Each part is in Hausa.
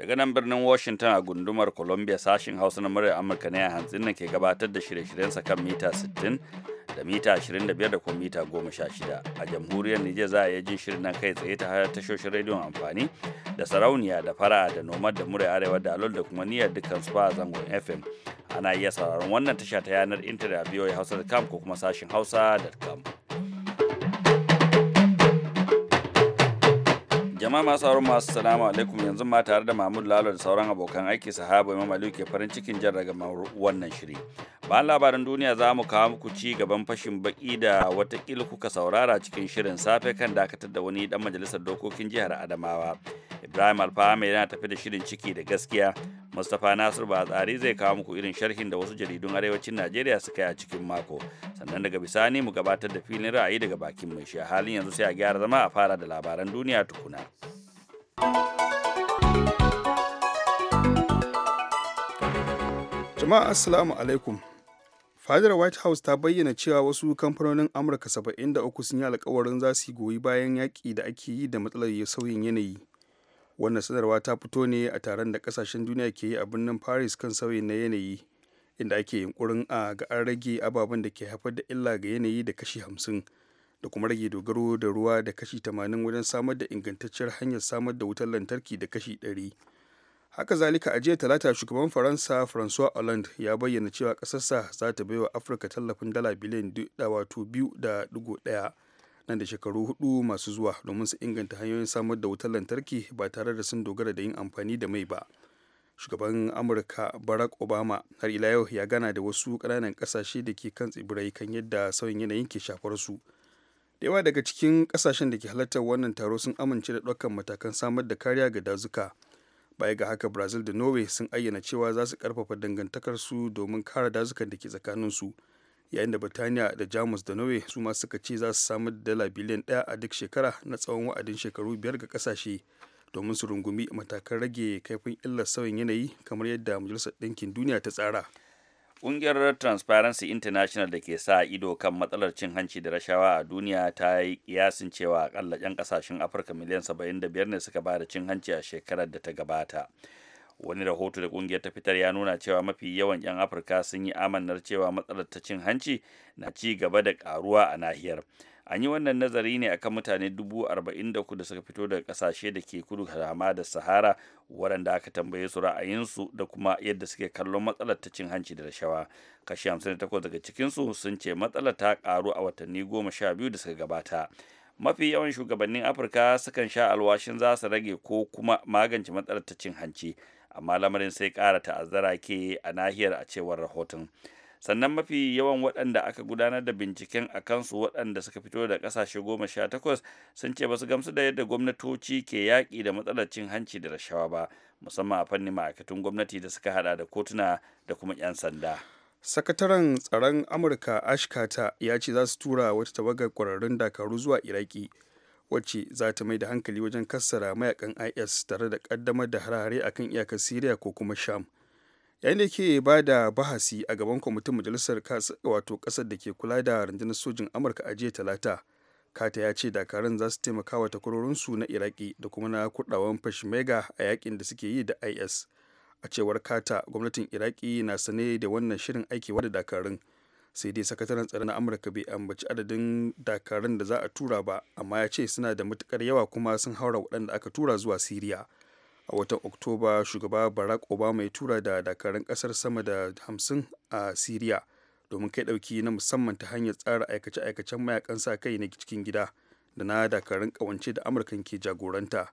daga nan birnin washington a gundumar columbia sashen hausa na muryar amurka ne a hantsin ke gabatar da shirye sa kan mita 60 da mita 25 da kuma mita 16 a jamhuriyar nijar za a iya jin shirin nan kai tsaye ta tashoshin rediyon amfani da sarauniya da fara da nomad da murai arewa da alol da kuma niyyar dukkan su a zangon fm ana iya sauraron wannan tasha ta yanar intanet a voahausa.com ko kuma sashin hausa.com Jama'a masu sauran masu salamu alaikum yanzu ma tare da Mahmud Lalo da sauran abokan aiki sahaba Imam Aliyu ke farin cikin jan ragamar wannan shiri. Bayan labaran duniya za mu kawo muku ci gaban fashin baki da watakila kuka saurara cikin shirin safe kan dakatar da wani dan majalisar dokokin jihar Adamawa. Ibrahim alfahama yana tafi da shirin ciki da gaskiya mustapha nasir tsari zai kawo muku irin sharhin da wasu jaridun arewacin najeriya suka yi a cikin mako sannan daga bisani mu gabatar da filin ra'ayi daga bakin mai shi a halin yanzu sai a gyara zama a fara da labaran duniya tukuna jama'a assalamu alaikum fadar white house ta bayyana cewa wasu kamfanonin amurka 73 sun yi alkawarin za su goyi bayan yaƙi da ake yi da matsalar sauyin yanayi wannan sanarwa ta fito ne a taron da kasashen duniya ke yi a birnin paris kan sauyin na yanayi inda ake yunkurin a ga an rage ababen da ke haifar da illa ga yanayi da kashi hamsin da kuma rage dogaro da ruwa da kashi tamanin wajen samar da ingantacciyar hanyar samar da wutar lantarki da kashi ɗari haka zalika a jiya talata shugaban faransa francois hollande ya bayyana cewa ƙasarsa za ta baiwa afirka tallafin dala biliyan wato da nan da shekaru hudu masu zuwa domin su inganta hanyoyin samar da wutar lantarki ba tare da sun dogara da yin amfani da mai ba shugaban amurka barack obama har ila yau ya gana da wasu kananan ƙasashe da ke kan tsibirai kan yadda sauyin yanayin ke shafar su da yawa daga cikin ƙasashen da ke halartar wannan taro sun amince da ɗaukan matakan samar da kariya ga dazuka baya ga haka brazil da norway sun ayyana cewa za su ƙarfafa dangantakarsu domin kare dazukan da ke tsakaninsu su yayin da birtaniya da jamus da norway su ma suka ce za su samar dala biliyan ɗaya a duk shekara na tsawon wa'adin shekaru biyar ga kasashe domin su rungumi matakan rage kaifin illar sauyin yanayi kamar yadda majalisar ɗinkin duniya ta tsara Ƙungiyar Transparency International da ke sa ido kan matsalar cin hanci da rashawa a duniya ta yi kiyasin cewa akalla 'yan ƙasashen Afirka miliyan 75 ne suka ba da cin hanci a shekarar da ta gabata. wani rahoto da kungiyar ta fitar ya nuna cewa mafi yawan 'yan afirka sun yi amannar cewa matsalar ta cin hanci na ci gaba da karuwa a nahiyar an yi wannan nazari ne akan mutane dubu arba'in da da suka fito daga kasashe da ke kudu hama da sahara waɗanda aka tambaye su ra'ayinsu da kuma yadda suke kallon matsalar ta cin hanci da rashawa kashi hamsin takwas daga cikinsu sun ce matsalar ta karu a watanni goma sha biyu da suka gabata mafi yawan shugabannin afirka sukan sha alwashin za su rage ko kuma magance matsalar ta cin hanci amma lamarin sai ƙara ta'azzara ke a nahiyar a cewar rahoton sannan mafi yawan waɗanda aka gudanar da binciken a kansu waɗanda suka fito da ƙasashe goma sha takwas sun ce ba su gamsu da yadda gwamnatoci ke yaƙi da matsalar cin hanci da rashawa ba musamman a fannin maaikatun gwamnati da suka hada da kotuna da kuma 'yan sanda sakataren tsaron amurka ashkata ya ce za su tura wata tawagar kwararrun dakaru zuwa iraki wacce za ta mai da hankali wajen kassara mayakan is tare da kaddamar da harare akan iyakar syria ko kuma sham yayin da ke ba da bahasi a gaban kwamitin majalisar wato kasar da ke kula da rundunar sojin amurka a jiya talata kata ya ce dakarun za su taimaka wa takwarorinsu na iraki da kuma na kudawan fashmega a yakin da suke yi da is a cewar kata gwamnatin iraki na sane da wannan shirin aikewa da dakarun sai dai sakataren tsaro na amurka bai ambaci adadin dakarun da za a tura ba amma ya ce suna da matukar yawa kuma sun haura waɗanda aka tura zuwa siriya a watan oktoba shugaba barack obama ya tura da dakarun ƙasar sama da hamsin a siriya domin kai ɗauki na musamman ta hanyar tsara aikace-aikacen mayakan sa kai na cikin gida da na dakarun kawance da amurkan ke jagoranta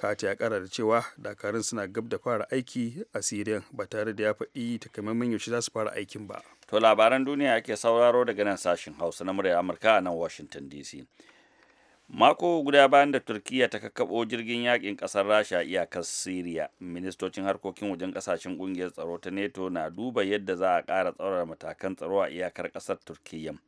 kati ya kara da cewa dakarun suna gab da fara aiki a siriyan ba tare da ya faɗi takamaiman yaushe za su fara aikin ba to labaran duniya ake sauraro daga nan sashen hausa na murya amurka a nan washington dc mako guda bayan da turkiya ta kakkaɓo jirgin yakin ƙasar rasha iyakar siriya ministocin harkokin wajen ƙasashen ƙungiyar tsaro ta neto na duba yadda za a ƙara tsaurara matakan tsaro a iyakar ƙasar turkiyya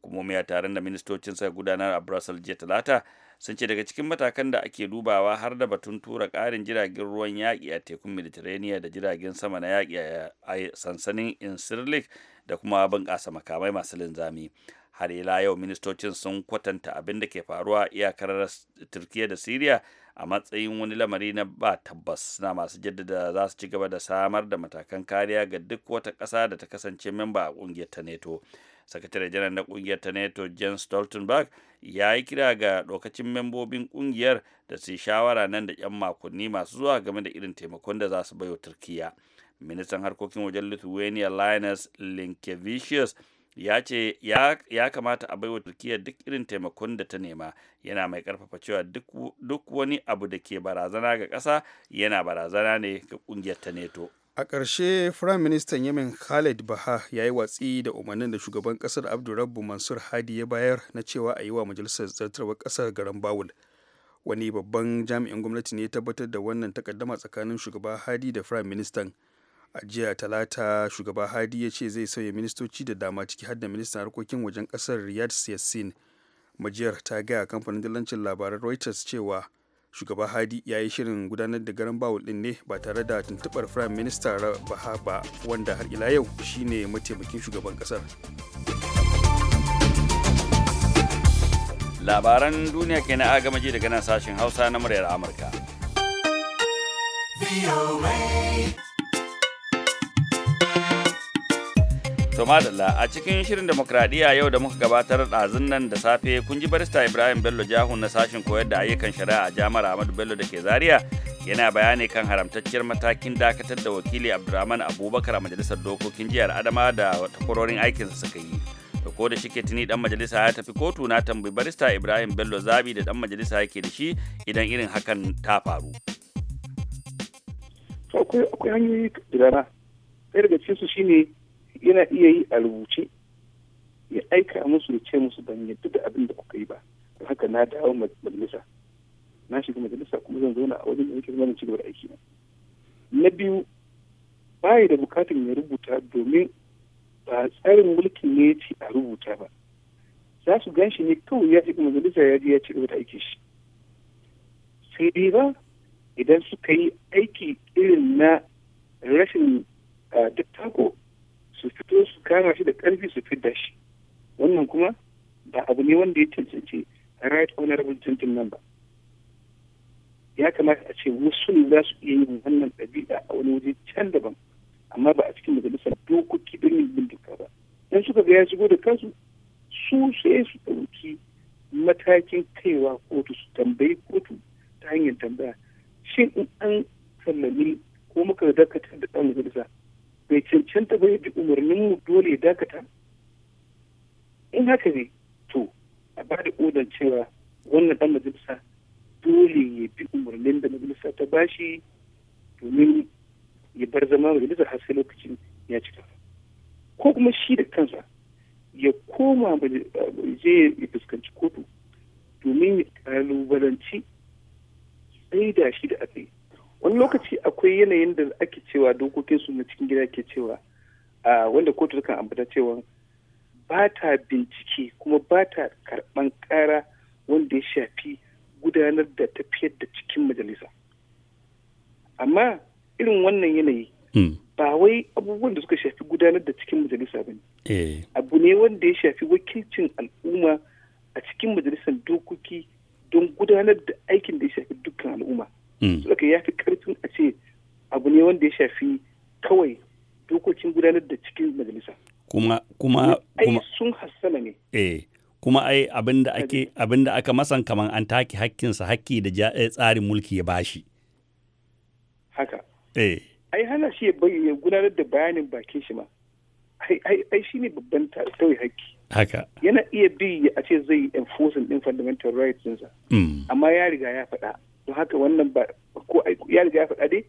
hukumomi a taron da ministocin suka gudanar a brussels jiya talata sun ce daga cikin matakan da ake dubawa har da batun tura karin jiragen ruwan yaƙi a tekun mediterranean da jiragen sama na yaki a sansanin insirlik da kuma bunƙasa makamai masu linzami har ila yau ministocin sun kwatanta abin da ke faruwa iyakar turkiya da siriya a matsayin wani lamari na ba tabbas na masu jaddada za su ci gaba da samar da matakan kariya ga duk wata ƙasa da ta kasance memba a ƙungiyar ta neto sakataren janar na kungiyar ta nato jens stoltenberg ya yi kira ga lokacin membobin kungiyar da su shawara nan da 'yan makonni masu zuwa game da irin taimakon da za su baiwa turkiya ministan harkokin wajen lithuania linus linkevicius ya ce ya kamata a baiwa turkiya duk irin taimakon da ta nema yana mai karfafa cewa duk wani abu da ke barazana ga ƙasa yana barazana ne ga kungiyar ta neto a ƙarshe firayim ministan yemen khaled baha ya yi watsi da umarnin da shugaban ƙasar abdurrabbu mansur hadi ya bayar na cewa a yi wa majalisar zartarwar ƙasar garan bawul wani babban jami'in gwamnati ne ya tabbatar da wannan takaddama tsakanin shugaba hadi da firayim ministan a jiya talata shugaba hadi ya ce zai sauya ministoci da dama ciki har da ministan harkokin wajen ƙasar riyad yassin majiyar ta gaya kamfanin dillancin labaran reuters cewa shugaba hadi ya yi shirin gudanar da garan bawul din ne ba tare da tuntubar firayim minista ba ba wanda har ila yau shine mataimakin shugaban kasar labaran duniya ke na agamaji daga nan sashen hausa na muryar amurka To madalla a cikin shirin demokradiyya yau da muka gabatar ɗazun nan da safe kun ji barista Ibrahim Bello Jahu na sashin koyar da ayyukan shari'a a jami'ar Ahmadu Bello da ke Zaria yana bayani kan haramtacciyar matakin dakatar da wakili Abdulrahman Abubakar a majalisar dokokin jihar Adama da takwarorin aikinsa suka yi. Da ko da shike tuni dan majalisa ya tafi kotu na tambayi barista Ibrahim Bello Zabi da dan majalisa yake da shi idan irin hakan ta faru. Akwai hanyoyi gidana. Ɗaya daga cikinsu shine yana iya yi a rubuce ya aika musu ya ce musu ban yadda da abin da kuka yi ba don haka na dawo majalisa na shiga majalisa kuma zan zauna a wajen da yake zama ci gaba da aiki na biyu bayi da bukatun ya rubuta domin ba tsarin mulkin ne ya ce a rubuta ba za su gan shi ne kawai ya shiga majalisa ya je ya ci gaba da aiki shi sai dai ba idan suka yi aiki irin na rashin wanda ya cancanci right honorable gentleman ba ya kamata a ce wasu za su iya yin wannan ɗabi'a a wani waje can daban amma ba a cikin majalisar dokoki don yin bindika ba dan suka ga ya shigo da kansu su sai su ɗauki matakin kaiwa kotu su tambayi kotu ta hanyar tambaya shin in an sallami ko muka dakatar da ɗan majalisa bai cancanta ba yadda umarnin mu dole ya dakata in haka ne a ba da odar cewa wannan dan majalisa dole ya bi umarnin da majalisa ta bashi domin ya bar zama majalisa har sai lokacin ya cika ko kuma shi da kansa ya koma je ya fuskanci kotu domin ya kalubalanci sai da shi da aka wani lokaci akwai yanayin da ake cewa dokokin su na cikin gida ke cewa wanda kotu kan ambata cewa ba ta bincike kuma ba ta karɓan ƙara wanda ya shafi gudanar da tafiyar da cikin majalisa amma irin wannan yanayi hmm. ba wai abubuwan da suka shafi gudanar da cikin majalisa ba ne eh. abu ne wanda ya shafi wakilcin al'umma a cikin majalisar dokoki don gudanar da aikin da ya shafi dukkan al'umma hmm. ka ya fi karfin a ce abu ne wanda ya shafi kawai dokokin gudanar da cikin majalisa kuma kuma kuma sun hassala ne eh kuma ai abinda ake abinda aka masan kaman an take hakkinsa hakki da eh, tsarin mulki ya bashi haka eh ai hana shi ya gudanar da bayanin bakin shi ma ai shi ne babban tauye hakki Haka. Yana iya bi a ce zai enforcing ɗin fundamental rights ɗinsa. Mm. Amma ya riga ya faɗa. Don haka wannan ba ko ya riga ya faɗa dai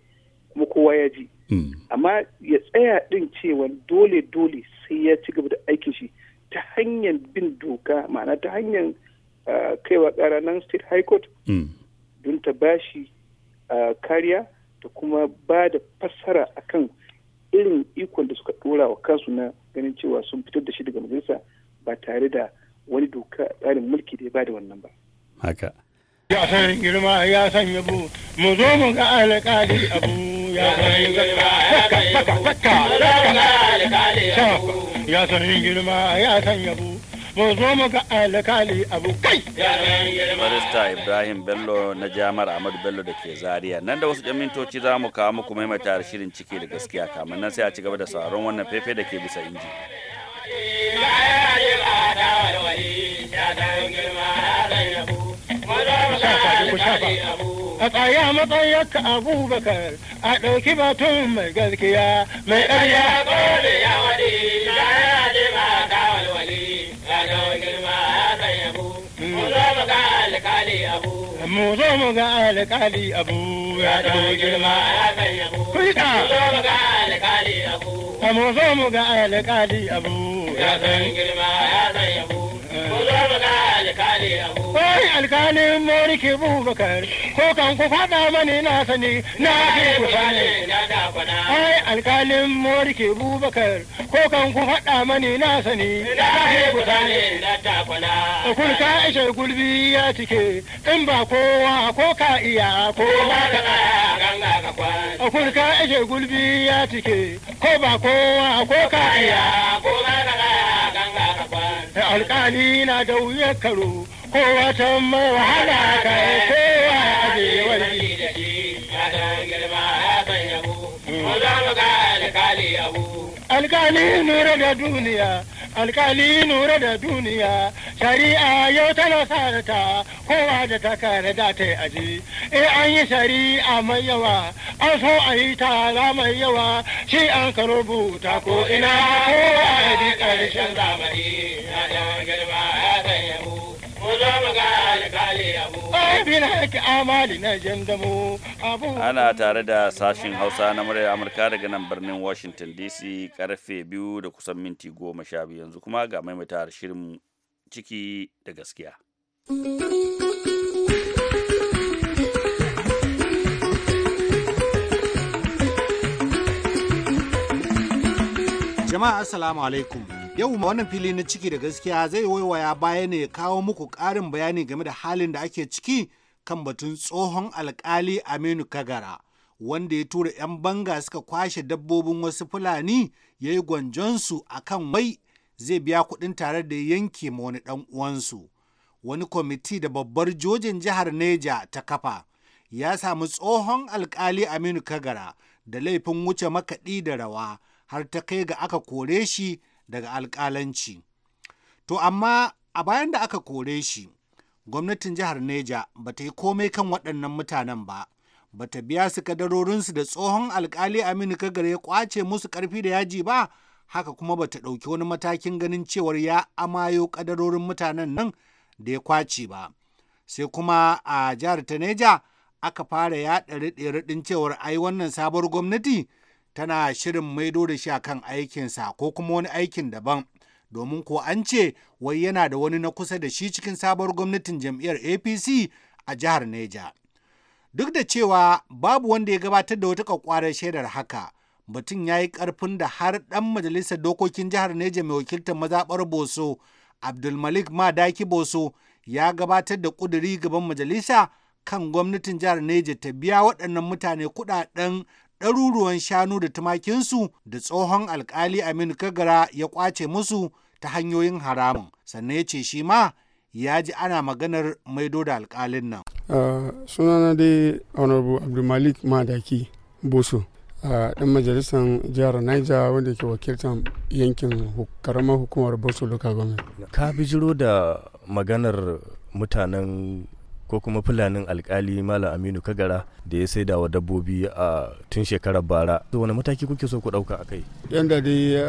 kuma kowa ya ji. Mm. amma ya tsaya din cewa dole dole sai ya ci gaba da aikin shi ta hanyar bin doka ma'ana ta hanyar ah, kaiwa kara nan state high court mm. don ta bashi ah, kariya da kuma ba da fassara akan irin ikon da suka dora wa kansu na ganin cewa sun fitar da shi daga majalisa ba tare da wani doka tsarin mulki da ya ba da wannan ba. Ya san girma ya san yabo mu zo mu ga alƙali abu ya san girma ya san yabo zo alkali abu kai barista ibrahim bello na jamar ahmadu bello da ke zaria nan da wasu yan mintoci za mu kawo muku maimaita shirin ciki da gaskiya kamar nan sai a ci gaba da sauran wannan fefe da ke bisa inji ku shafa a tsaya matsayarka abubakar a ɗauki batun mai gaskiya mai ɗarya ƙoli ya waɗi na yi ji ma ka walwali ya ga girma ya sanya bu mu zo mu ga alƙali abu mu zo mu ga alƙali abu ya ɗau girma ya kan yabu mu zo mu ga alƙali abu mu zo mu ga alƙali abu ya kan girma ya Ai Wai alkalin Moriki Bubakar, ko kan ku faɗa mani na sani na fi ku sani. Wai alkalin Moriki Bubakar, ko kan ku faɗa mani na sani na fi ku sani na takwana. Kun ka ishe gulbi ya tike in ba kowa ko ka iya ko ba ka tsaya ganga ka kwan. Kun ka ishe gulbi ya tike ko ba kowa ko ka iya ko ba ka alƙali na da wuya karo ko watan mai wahala ga ya kowa a zewar ji da shi ya ta girma a sanya mu ko za mu ga alƙali abu alƙali nura da duniya alkali nura da duniya shari'a yau tana sarata kowa da ta da ta aji in eh, an yi shari'a mai yawa an so a yi tara mai yawa shi an ka rubuta ko ina kowa da karshen zamani ya girma ya Ana tare da sashin Hausa na muryar Amurka daga nan birnin Washington DC karfe biyu da kusan minti goma sha biyu yanzu kuma ga maimaita shirin ciki da gaskiya. Jama'a Assalamu alaikum. Yau ma wannan fili na ciki da gaskiya zai waiwaya baya ne ya kawo muku ƙarin bayani game da halin da ake ciki kan batun tsohon alkali Aminu Kagara. Wanda ya tura 'yan banga suka kwashe dabbobin wasu Fulani ya yi gwanjonsu a kan wai zai biya kuɗin tare da yanke ma wani ɗan uwansu. Wani kwamiti da babbar jojin jihar Neja ta kafa ya samu tsohon alkali Aminu Kagara da laifin wuce makaɗi da rawa har ta kai ga aka kore shi daga alkalanci. To amma a bayan da aka kore shi, gwamnatin jihar Neja ba ta yi komai kan waɗannan mutanen ba. Ba ta biya su kadarorinsu da tsohon alkali Aminu Kagar ya kwace musu ƙarfi da yaji ba, haka kuma ba ta ɗauki wani matakin ganin cewar ya amayo kadarorin mutanen nan da ya kwace ba. Sai kuma a jihar ta Neja aka fara yaɗa riɗe cewar ai wannan sabuwar gwamnati tana shirin maido da shi kan aikinsa ko kuma wani aikin daban domin ko an ce wai yana da wani na kusa da shi cikin sabuwar gwamnatin jam'iyyar apc a jihar neja duk da cewa babu wanda ya gabatar da wata kwakwarar shaidar haka mutum ya yi karfin da har dan majalisar dokokin jihar neja mai wakiltar mazaɓar boso abdulmalik madaki boso ya gabatar da ƙuduri gaban majalisa kan gwamnatin jihar neja ta biya waɗannan mutane kuɗaɗen ɗaruruwan shanu da tumakinsu da tsohon alkali Aminu Kagara ya kwace musu ta hanyoyin haramun. Sannan ya ce shi ma ya ji ana maganar maido da alkalin nan. sunana dai Honorable Abdulmalik Madaki Boso. ɗan majalisar jihar Niger wanda ke wakiltar yankin karamar hukumar Boso Local Government. Ka bijiro da maganar mutanen ko kuma fulanin alkali malam aminu kagara da ya saida wa dabbobi a tun shekarar bara to wani mataki kuke so ku dauka akai yanda dai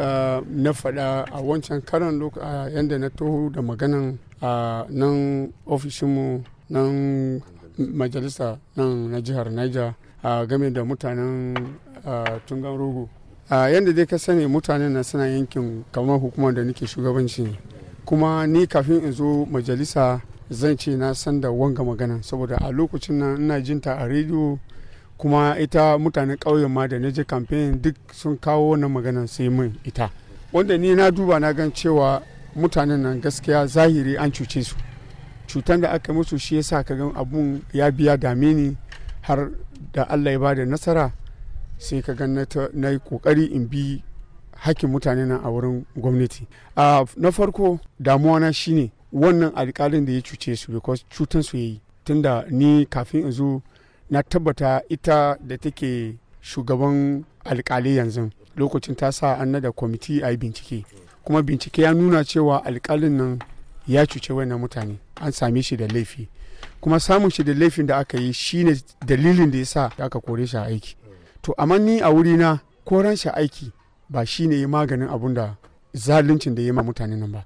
na faɗa a wancan karan lokaci yanda na toho da maganan a nan ofishinmu nan majalisa nan na jihar niger a game da mutanen tungan rogo yanda dai ka sani mutanen na suna yankin kamar hukumar da nake shugabanci kuma ni kafin in zo majalisa zan ce na san da wanga magana saboda a lokacin nan ina jin ta a rediyo kuma ita mutanen ƙauyen ma da na je kamfen duk sun kawo wannan magana sai min ita wanda ni na duba na gan cewa mutanen nan gaskiya zahiri an cuce su cutan da aka musu shi yasa ka gan abun ya biya dame ni har da allah ya bada nasara sai ka gan na yi kokari in bi hakkin mutane nan a wurin gwamnati ah, na farko damuwa na shine wannan alkalin da ya cuce su because cutan su yayi tunda ni kafin in zo na tabbata ita da take shugaban alkali yanzu lokacin ta sa an da kwamiti a yi bincike kuma bincike ya nuna cewa alkalin nan ya cuce wannan mutane an same shi da laifi kuma samun shi da laifin da aka yi shine dalilin da ya sa aka kore shi aiki to amma ni a wuri na koran shi aiki ba shine maganin abun da zaluncin da ya ma mutanen nan ba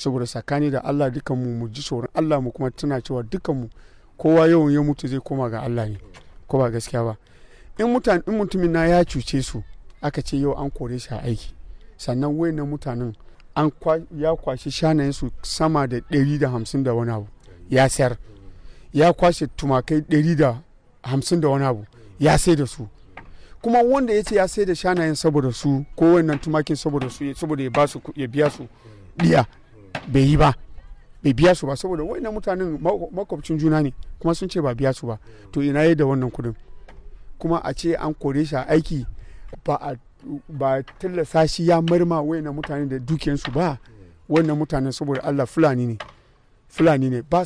saboda sakani da Allah dukan mu mu ji tsoron Allah mu kuma tana cewa dukan mu kowa yawan ya mutu zai koma ga Allah ne ko ba gaskiya ba in mutane in mutumin na ya cuce su aka ce yau an kore shi a aiki sannan na mutanen an ya kwashe shanayen su sama da ɗari da hamsin da wani abu ya sayar ya kwashe tumakai ɗari da hamsin da wani abu ya sai da su kuma wanda ya ce ya sai da shanayen saboda su ko wannan tumakin saboda su saboda ya biya su diya bai yi ba bai biya su ba saboda wannan mutanen makwabcin juna ne kuma sun ce ba biya su ba to ina yi da wannan kudin kuma a ce an kore shi a aiki ba a ba tallasa shi ya marma wayannan mutane da dukiyansu ba wannan mutanen saboda Allah fulani ne fulani ne ba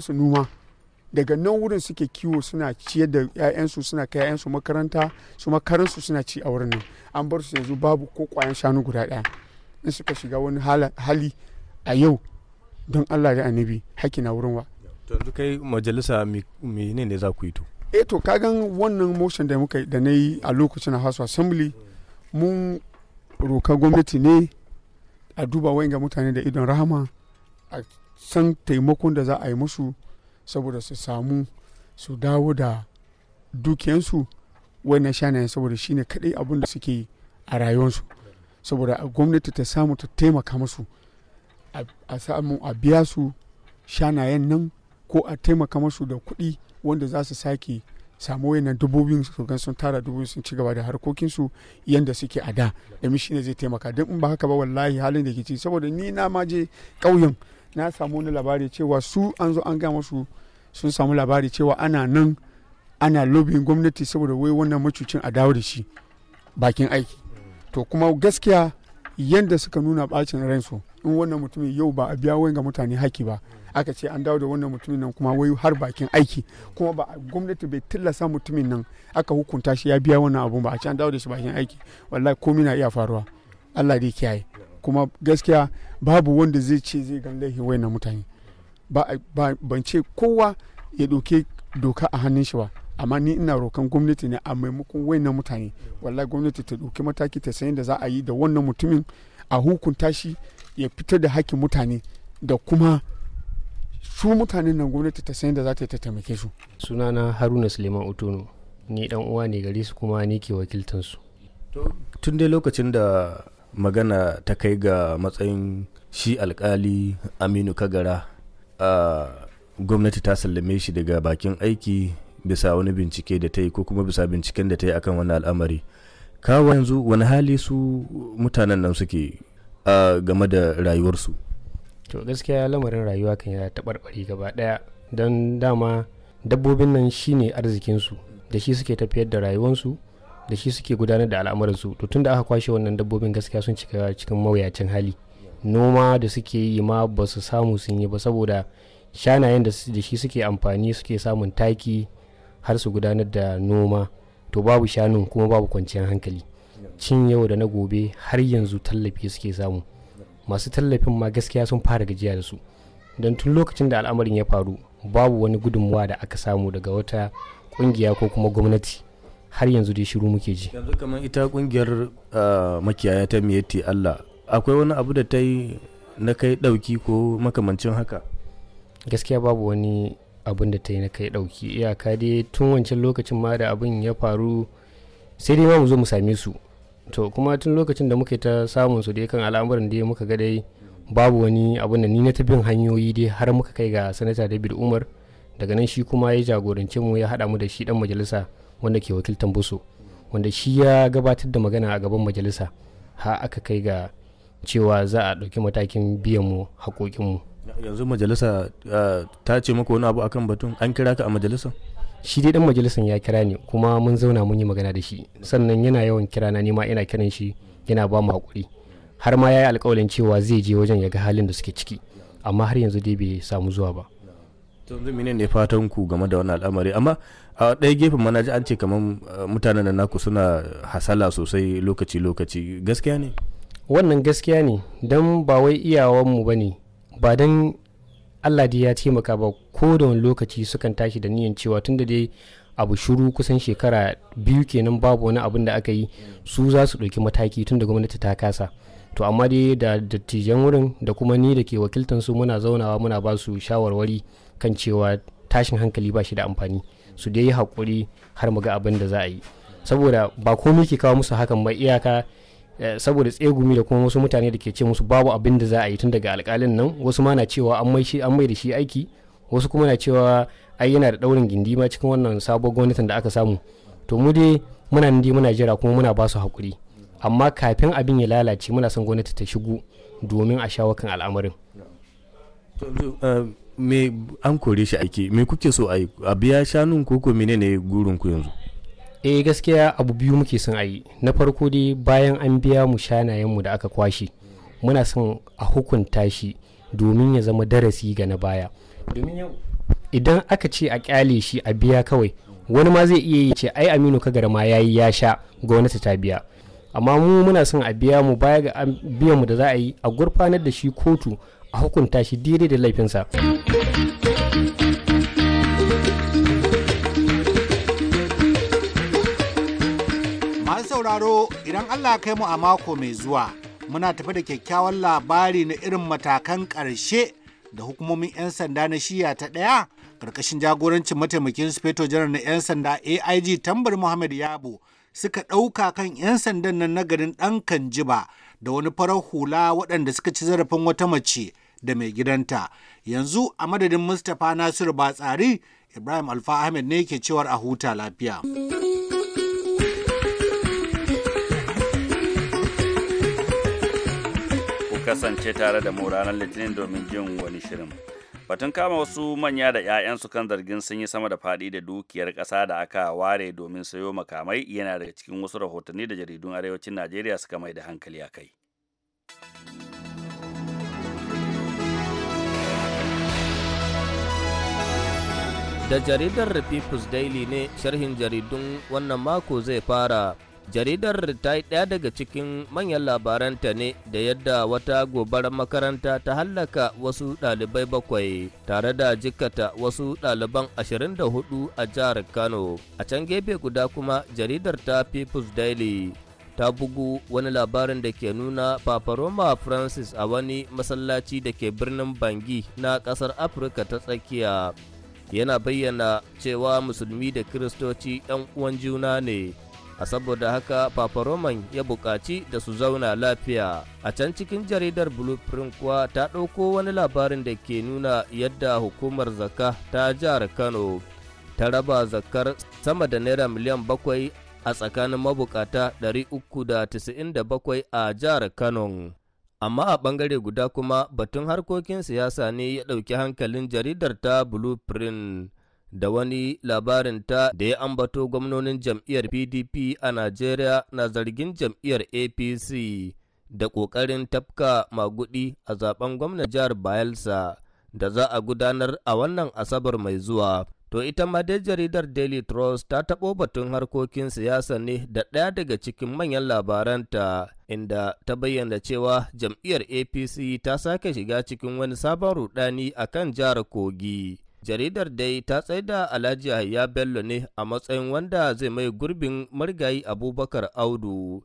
su numa daga nan wurin suke kiwo suna ciyar da 'ya'yansu suna kai 'ya'yansu makaranta su makaransu suna ci a wurin nan an bar su yanzu babu ko kwayan shanu guda ɗaya in suka shiga wani hali a yau don Allah da annabi haƙi na wurin wa yanzu kai majalisa mene ne za ku yi to eh to kagan wannan motion da muka da na yi a lokacin House Assembly mun roka gwamnati ne a duba ga mutane da idon rahama a san taimakon da za a yi musu saboda su samu su dawo da dukiyansu wannan shanayen saboda shine kadai abin da suke a rayuwarsu saboda gwamnati ta samu ta taimaka musu a samu a biya su shanayen nan ko a taimaka masu da kuɗi wanda za su sake samu wayannan dubobin su gan sun tara dubu sun ci gaba da harkokinsu yanda suke a da domin ne zai taimaka don in ba haka ba wallahi halin da ke ci saboda ni na ma je ƙauyen na samu wani labari cewa su an zo an ga masu sun samu labari cewa ana nan ana lobin gwamnati saboda wai wannan macucin a dawo da shi bakin aiki to kuma gaskiya yanda suka nuna bacin ransu in wannan mutumin yau ba a biya ga mutane haki ba aka ce an dawo da wannan mutumin nan kuma wai har bakin aiki kuma ba gwamnati bai tallasa mutumin nan aka hukunta shi ya biya wannan abun ba a ce an dawo da shi bakin aiki wallahi komai na iya faruwa Allah dai kiyaye kuma gaskiya babu wanda zai ce zai ga laifin na mutane ba ban ce kowa ya doke doka a hannun shi ba amma ni ina rokan gwamnati ne a maimakon wainan mutane wallahi gwamnati ta doki mataki ta san da za a yi da wannan mutumin a hukunta shi ya fitar da haƙƙin mutane da kuma su mutanen nan gwamnati ta san da za ta taimake su sunana haruna suleiman otono ni dan uwa ne gare su kuma ni ke su. tun dai lokacin da magana ta kai ga matsayin shi alkali aminu kagara a gwamnati ta sallame shi daga bakin aiki bisa wani bincike da ta yi ko kuma bisa binciken da ta yi akan wani al'amari kawo yanzu wani hali su mutanen nan suke game da rayuwarsu to gaskiya lamarin rayuwa kan yana taɓarɓare gaba ɗaya don dama dabbobin nan shine arzikinsu da shi suke tafiyar da rayuwarsu da shi suke gudanar da al'amuransu to tun da aka kwashe wannan dabbobin gaskiya sun cika cikin mawuyacin hali noma da suke yi ma ba su samu sun yi ba saboda shanayen da shi suke amfani suke samun taki har su gudanar da noma to babu shanun kuma babu kwanciyar hankali cin yau da na gobe har yanzu tallafi suke samu masu tallafin ma gaskiya sun fara gajiya da su don tun lokacin da al'amarin ya faru babu wani gudunmawa da aka samu daga wata kungiya ko kuma gwamnati har yanzu dai shiru muke ji yanzu kamar ita kungiyar ah, makiyaya ta miyatti allah akwai wani abu da ta yi na kai dauki ko makamancin haka gaskiya babu wani abin da ta yi na kai ɗauki iyaka dai tun wancan lokacin ma da abin ya faru sai dai ma mu zo mu same su to kuma tun lokacin da muke ta samun su dai kan al'amuran dai muka ga dai babu wani abin da ni na tabin hanyoyi dai har muka kai ga sanata david umar daga nan shi kuma ya jagorance mu ya haɗa mu da shi dan majalisa wanda ke wakiltan boso wanda shi ya gabatar da magana a gaban majalisa har aka kai ga cewa za a ɗauki matakin biyan mu mu. yanzu majalisa eh, ta ce maka wani abu akan batun an kira ka a majalisa shi dai dan majalisan ya kira ni kuma mun zauna mun yi magana da shi sannan yana yawan kira na nima ina kiran shi yana ba mu hakuri har ma yayi alƙawarin cewa zai je wajen ya ga halin da suke ciki amma har yanzu dai bai samu zuwa ba to yanzu mene ne fatan ku game da wannan al'amari amma a ɗaya gefen mana ji an ce kamar eh, mutanen da naku suna hasala sosai lokaci lokaci gaskiya ne wannan gaskiya ne don ba wai iyawanmu ba ne ba don allah dai ya taimaka ba ko da wani lokaci sukan tashi da niyan cewa tunda dai abu shuru kusan shekara biyu kenan babu wani abin da aka yi su za su ɗauki mataki tunda gwamnati ta kasa to amma dai da dattijan wurin da kuma ni da ke wakiltan su muna zaunawa muna ba su shawarwari kan cewa tashin hankali ba shi da amfani su dai yi haƙuri har mu ga abin da za a yi saboda ba komai ke kawo musu hakan ba iyaka Eh, saboda tsegumi da kuma wasu mutane da ke ce musu babu abin da za a yi tun daga alkalin nan wasu ma na cewa an mai da shi aiki wasu kuma na cewa ai yana da daurin gindi ma cikin wannan sabon gwamnatin da aka samu to mu dai muna nan muna jira kuma muna ba su hakuri amma kafin abin ya lalace muna son gwamnati ta shigo domin a shawo kan al'amarin eh, me an kore shi aiki me kuke so a biya shanun koko menene gurin ku yanzu e gaskiya abu biyu muke son a yi na farko dai bayan an biya mu shanayen mu da aka kwashe muna son a hukunta shi domin ya zama darasi ga na baya idan aka ce a kyale shi a biya kawai wani ma zai iya yi ce ai aminu ka garma ya yi ya sha gwamnati ta biya amma mu muna son a biya mu baya ga biyan mu da za a yi a gurfanar da shi kotu a hukunta shi daidai da laifinsa sauraro idan Allah kai mu a mako mai zuwa muna tafi da kyakkyawan labari na irin matakan ƙarshe da hukumomin 'yan sanda na shiya ta ɗaya ƙarƙashin jagorancin mataimakin speto janar na 'yan sanda aig tambar muhammad yabo suka ɗauka kan 'yan sandan nan na garin ɗan kanjiba da wani farar hula waɗanda suka ci zarafin wata mace da mai gidanta yanzu a madadin mustapha nasiru batsari ibrahim alfa ahmed ne ke cewar a huta lafiya. kasance tare da mu ranar litinin domin jin wani shirin batun kama wasu manya da 'ya'yansu kan zargin sun yi sama da faɗi da dukiyar ƙasa da aka ware domin sayo makamai yana daga cikin wasu rahotanni da jaridun arewacin najeriya suka mai da hankali a kai da jaridar people's daily ne sharhin jaridun wannan mako zai fara jaridar ta yi ɗaya daga cikin manyan labaranta ne da yadda wata gobarar makaranta ta hallaka wasu ɗalibai bakwai tare da jikata wasu ɗaliban 24 a jihar kano a can gefe guda kuma jaridar ta people's daily ta bugu wani labarin da ke nuna paparoma francis a wani masallaci da ke birnin bangi na ƙasar afirka ta tsakiya yana bayyana cewa musulmi da kiristoci 'yan uwan juna ne a saboda haka Papa Roman ya buƙaci da su zauna lafiya. A can cikin jaridar Blueprint kuwa ta ɗauko wani labarin da ke nuna yadda hukumar zakka ta jihar Kano ta raba zakkar sama da naira miliyan bakwai a tsakanin mabukata 397 a jihar Kano. Amma a ɓangare guda kuma batun harkokin siyasa ne ya ɗauki hankalin jaridar ta Blueprint. da wani labarin ta da ya ambato gwamnonin jam'iyyar PDP a Najeriya na zargin jam'iyyar APC da ƙoƙarin tafka magudi a zaben gwamnan jihar Bayelsa da za a gudanar a wannan Asabar mai zuwa. To ita ma dai jaridar Daily Trust ta taɓo batun harkokin siyasa ne da ɗaya daga cikin manyan labaranta inda ta bayyana cewa jam'iyyar APC ta sake shiga cikin wani sabon rudani a kan jihar Kogi. Jaridar dai ta tsaida Alhaji ya Bello ne a matsayin wanda zai mai gurbin marigayi Abubakar Audu.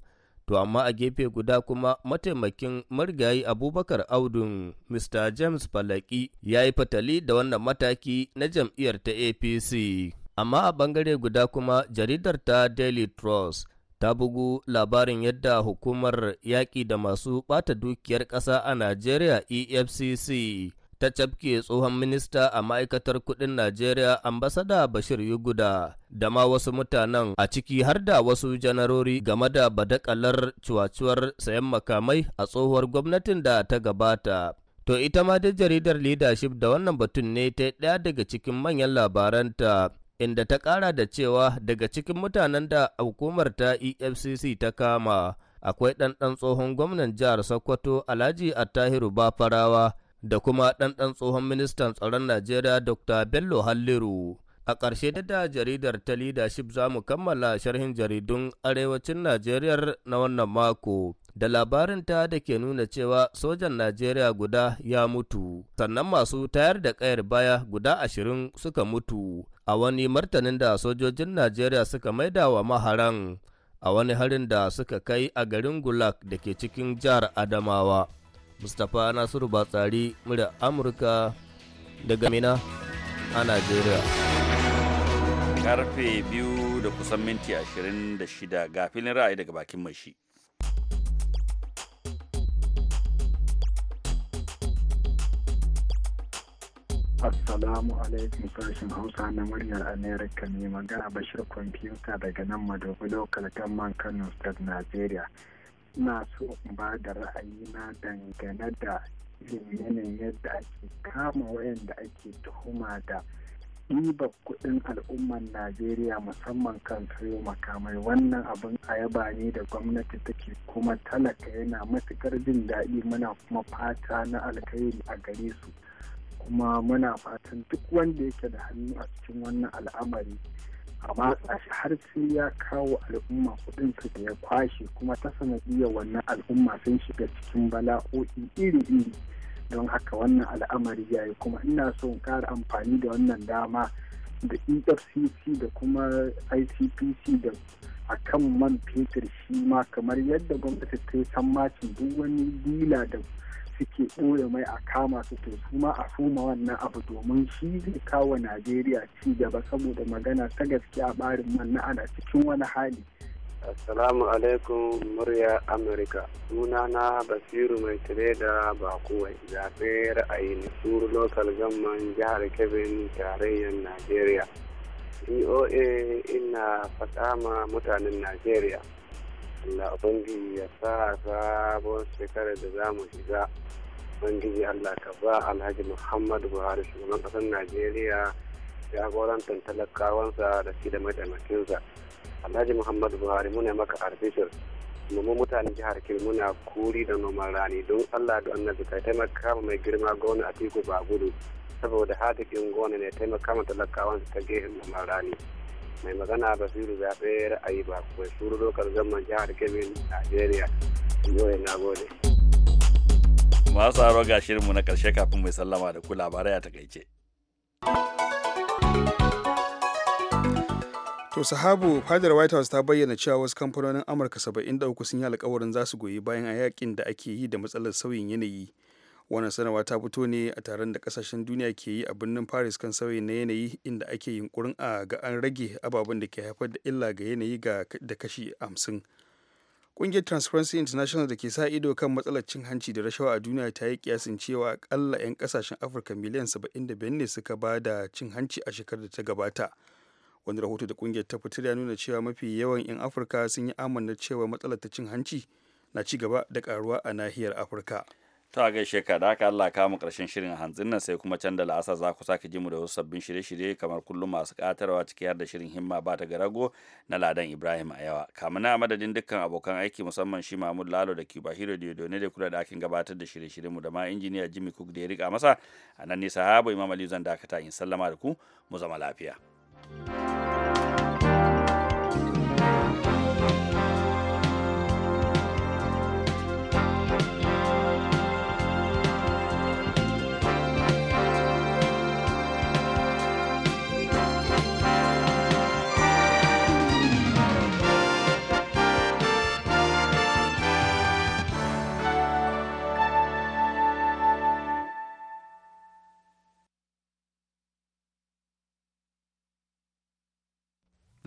To amma a gefe guda kuma mataimakin marigayi Abubakar Audu Mr. James Falaki ya yi fatali da wannan mataki na jam'iyyar ta APC. Amma a bangare guda kuma jaridar ta Daily Trust ta bugu labarin yadda hukumar yaƙi da masu ɓata dukiyar ƙasa a Najeriya EFCC ta cafke tsohon minista a ma'aikatar kudin Najeriya ambasada Bashir Yuguda da ma wasu mutanen a ciki har da wasu janarori game da badakalar cuwacuwar sayan makamai a tsohuwar gwamnatin da ta gabata. To ita ma dai jaridar leadership da wannan batun ne ta yi ɗaya daga cikin manyan labaranta. Inda ta ƙara da cewa daga cikin mutanen da hukumar ta EFCC ta kama akwai ɗanɗan tsohon gwamnan jihar Sokoto Alhaji Attahiru Bafarawa da kuma ɗanɗan tsohon ministan tsaron Najeriya Dr. Bello Halliru. A ƙarshe da jaridar ta leadership za mu kammala sharhin jaridun arewacin Najeriya na wannan mako. Da labarinta da ke nuna cewa sojan Najeriya guda ya mutu, sannan masu tayar da ƙayar baya guda ashirin suka mutu a wani martanin da sojojin Najeriya suka maida wa maharan a wani harin da suka kai a garin Gulak da ke cikin jihar Adamawa. mustapha nasiru batsari murya amurka daga mina a najeriya karfe biyu da kusan minti ashirin da shida ga filin ra'ayi daga bakin mashi Assalamu alaikum sashen Hausa na muryar Amerika ne magana Bashir Kwamfuta daga nan Madobi Local Gamman Kano State Nigeria. na so in ba da ra'ayi na dangane da irin yanayin yadda ake kama wayanda ake tuhuma da ɗiba kuɗin al'ummar najeriya musamman kan sayo makamai wannan abin ayaba ne da gwamnati take kuma talaka yana matukar jin daɗi muna kuma fata na alkhairi a gare su kuma muna fatan duk wanda yake da hannu a cikin wannan al'amari amma har sai ya kawo al'umma su da ya kwashe kuma ta sanadiyar wannan al'umma sun shiga cikin bala'o'i iri-iri don haka wannan al'amari ya yi kuma ina so in ƙara amfani da wannan dama da efcc da kuma icpc da a kan man fetur shi ma kamar yadda gwamnati ta yi sammacin duk wani dila da suke ɓoye mai a kama su to su ma a suma wannan abu domin shi zai kawo najeriya ci gaba saboda magana ta gaskiya ɓarin man na ana cikin wani hali assalamu alaikum murya amurka na basiru mai tire da bakuwai zaɓe ra'ayi na suru local government jihar kebbi tarayyar najeriya voa ina faɗa ma mutanen najeriya Allah ubangiji ya sa sabon shekarar da za mu shiga ubangiji Allah ka ba Alhaji Muhammadu Buhari shugaban ƙasar Najeriya jagorantar talakawansa da shi da mataimakinsa Alhaji Muhammadu Buhari muna maka arbishir mu mutanen jihar na kuri da noman rani don Allah da annabi ka taimaka mai girma gona a tiku ba gudu saboda hadikin gona ne taimaka ma talakawansa ta gehen noman rani. mai magana basiru zaɓe ra'ayi ba kuma shuru lokar zaman jihar kebbi nigeria yoyi na gode masu aro ga shirinmu na karshe kafin mai sallama da ku labarai a takaice To sahabu fadar White House ta bayyana cewa wasu kamfanonin Amurka 73 sun yi alkawarin za su goyi bayan a yakin da ake yi da matsalar sauyin yanayi wannan sanarwa ta fito ne a taron da kasashen duniya ke yi a birnin paris kan sauyi na yanayi inda ake yunkurin a ga an rage ababen da ke haifar da illa ga yanayi ga da kashi 50 ƙungiyar transparency international da ke sa ido kan matsalar cin hanci da rashawa a duniya ta yi kiyasin cewa akalla 'yan kasashen afirka miliyan 75 ne suka ba da cin hanci a shekarar da ta gabata wani rahoto da kungiyar ta fitar ya nuna cewa mafi yawan 'yan afirka sun yi amanna cewa matsalar ta cin hanci na ci gaba da karuwa a nahiyar afirka ta gaishe ka da haka Allah kama karshen shirin hantsin nan sai kuma can da la'asa za ku sake jimu da wasu sabbin shirye-shirye kamar kullum masu katarwa ciki har da shirin himma ba ta garago na ladan Ibrahim a yawa kamu na madadin dukkan abokan aiki musamman shi Mahmud Lalo da Kiba Hiro da ne da kula da akin gabatar da shirye-shiryen mu da ma injiniya Jimmy Cook da ya rika masa a nan ne sahabo Imam Ali zan dakata in sallama da ku mu zama lafiya. thank you